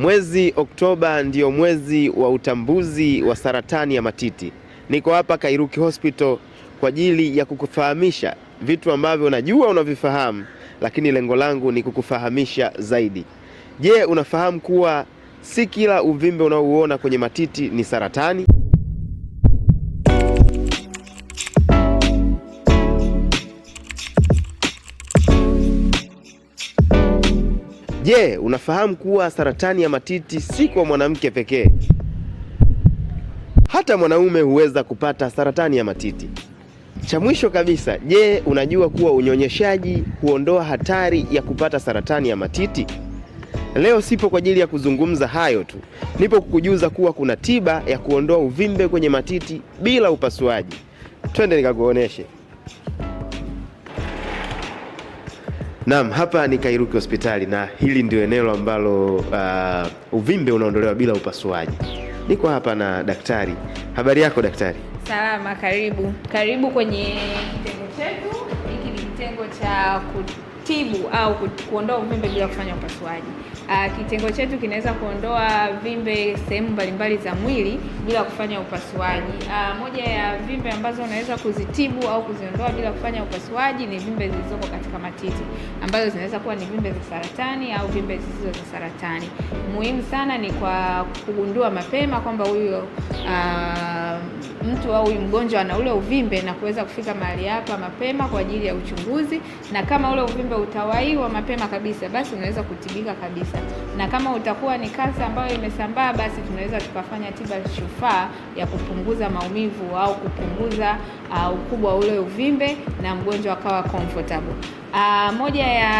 Mwezi Oktoba ndio mwezi wa utambuzi wa saratani ya matiti. Niko hapa Kairuki Hospital kwa ajili ya kukufahamisha vitu ambavyo najua unavifahamu, lakini lengo langu ni kukufahamisha zaidi. Je, unafahamu kuwa si kila uvimbe unaouona kwenye matiti ni saratani? Je, unafahamu kuwa saratani ya matiti si kwa mwanamke pekee? Hata mwanaume huweza kupata saratani ya matiti. Cha mwisho kabisa, je, unajua kuwa unyonyeshaji huondoa hatari ya kupata saratani ya matiti? Leo sipo kwa ajili ya kuzungumza hayo tu. Nipo kukujuza kuwa kuna tiba ya kuondoa uvimbe kwenye matiti bila upasuaji. Twende nikakuoneshe. Naam, hapa ni Kairuki hospitali na hili ndio eneo ambalo uh, uvimbe unaondolewa bila upasuaji. Niko hapa na daktari. Habari yako daktari? Salama, karibu. Karibu kwenye kitengo chetu. Hiki ni kitengo cha kutibu au kuondoa uvimbe bila kufanya upasuaji. Uh, kitengo chetu kinaweza kuondoa vimbe sehemu mbalimbali za mwili bila kufanya upasuaji. Uh, moja ya vimbe ambazo unaweza kuzitibu au kuziondoa bila kufanya upasuaji ni vimbe zilizoko katika matiti ambazo zinaweza kuwa ni vimbe za saratani au vimbe zisizo za saratani. Muhimu sana ni kwa kugundua mapema kwamba huyo uh, mtu au huyu mgonjwa ana ule uvimbe na kuweza kufika mahali hapa mapema kwa ajili ya uchunguzi, na kama ule uvimbe utawaiwa mapema kabisa, basi unaweza kutibika kabisa, na kama utakuwa ni kansa ambayo imesambaa, basi tunaweza tukafanya tiba shufaa ya kupunguza maumivu au kupunguza uh, ukubwa ule uvimbe na mgonjwa akawa comfortable. Uh, moja ya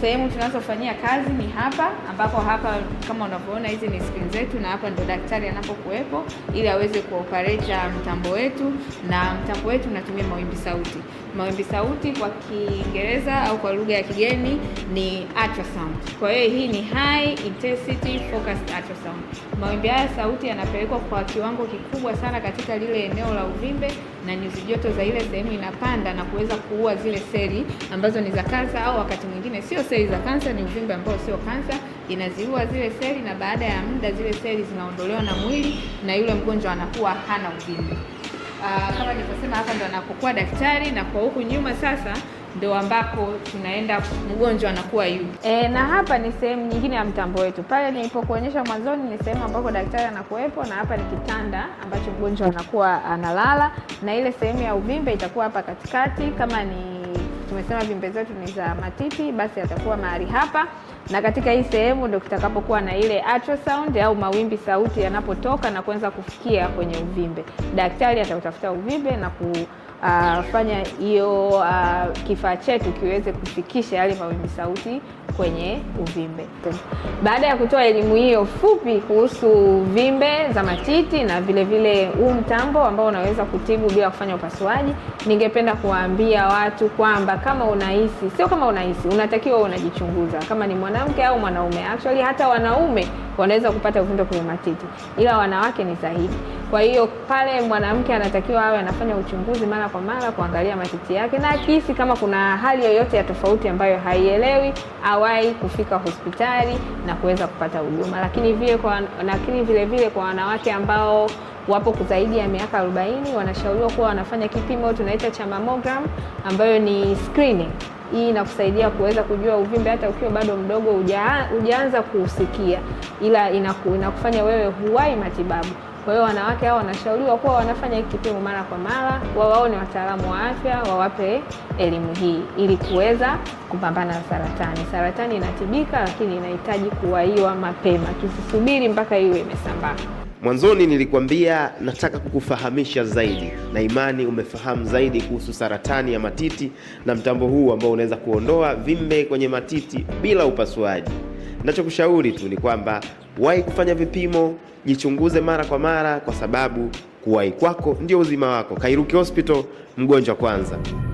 sehemu tunazofanyia kazi ni hapa, ambapo hapa kama unavyoona hizi ni screen zetu, na hapa ndo daktari anapokuwepo ili aweze kuoperate ah, mtambo wetu, na mtambo wetu unatumia mawimbi sauti mawimbi sauti kwa Kiingereza au kwa lugha ya kigeni ni ultrasound. Kwa hiyo hii ni high intensity focused ultrasound. Mawimbi haya sauti yanapelekwa kwa kiwango kikubwa sana katika lile eneo la uvimbe, na nyuzi joto za ile sehemu inapanda na kuweza kuua zile seli ambazo ni za kansa, au wakati mwingine sio seli za kansa, ni uvimbe ambao sio kansa, inaziua zile seli, na baada ya muda zile seli zinaondolewa na mwili na yule mgonjwa anakuwa hana uvimbe uh, kama nilivyosema hapa ndo anapokuwa daktari na kwa huku nyuma sasa ndo ambapo tunaenda mgonjwa anakuwa yupo. e, na hapa ni sehemu nyingine ya mtambo wetu. Pale nilipokuonyesha mwanzoni ni sehemu ambako daktari anakuwepo, na hapa ni kitanda ambacho mgonjwa anakuwa analala, na ile sehemu ya uvimbe itakuwa hapa katikati kama ni tumesema vimbe zetu ni za matiti, basi atakuwa mahali hapa, na katika hii sehemu ndio kitakapokuwa na ile ultrasound au mawimbi sauti yanapotoka na kuanza kufikia kwenye uvimbe. Daktari atautafuta uvimbe na kufanya ah, hiyo uh, kifaa chetu kiweze kufikisha yale mawimbi sauti kwenye uvimbe. Baada ya kutoa elimu hiyo fupi kuhusu vimbe za matiti na vilevile huu mtambo ambao unaweza kutibu bila kufanya upasuaji, ningependa kuwaambia watu kwamba kama unahisi, sio kama unahisi, unatakiwa unajichunguza kama ni mwanamke au mwanaume. Actually hata wanaume wanaweza kupata uvimbe kwenye matiti, ila wanawake ni zaidi. Kwa hiyo pale mwanamke anatakiwa awe anafanya uchunguzi mara kwa mara kuangalia matiti yake, na akihisi kama kuna hali yoyote ya tofauti ambayo haielewi, awai kufika hospitali na kuweza kupata huduma. Lakini vile kwa, lakini vile vile kwa wanawake ambao wapo zaidi ya miaka 40 wanashauriwa kuwa wanafanya kipimo tunaita cha mammogram, ambayo ni screening. Hii inakusaidia kuweza kujua uvimbe hata ukiwa bado mdogo, hujaanza kuusikia, ila inaku, inakufanya wewe huwai matibabu. Kwa hiyo wanawake hao wanashauriwa kuwa wanafanya hiki kipimo mara kwa mara, wao wao ni wataalamu wa afya, wawape elimu hii ili kuweza kupambana na saratani. Saratani inatibika, lakini inahitaji kuwaiwa mapema, tusisubiri mpaka iwe imesambaa. Mwanzoni nilikwambia nataka kukufahamisha zaidi, na imani umefahamu zaidi kuhusu saratani ya matiti na mtambo huu ambao unaweza kuondoa vimbe kwenye matiti bila upasuaji. Ninachokushauri tu ni kwamba wahi kufanya vipimo, jichunguze mara kwa mara, kwa sababu kuwahi kwako ndio uzima wako. Kairuki Hospital, mgonjwa kwanza.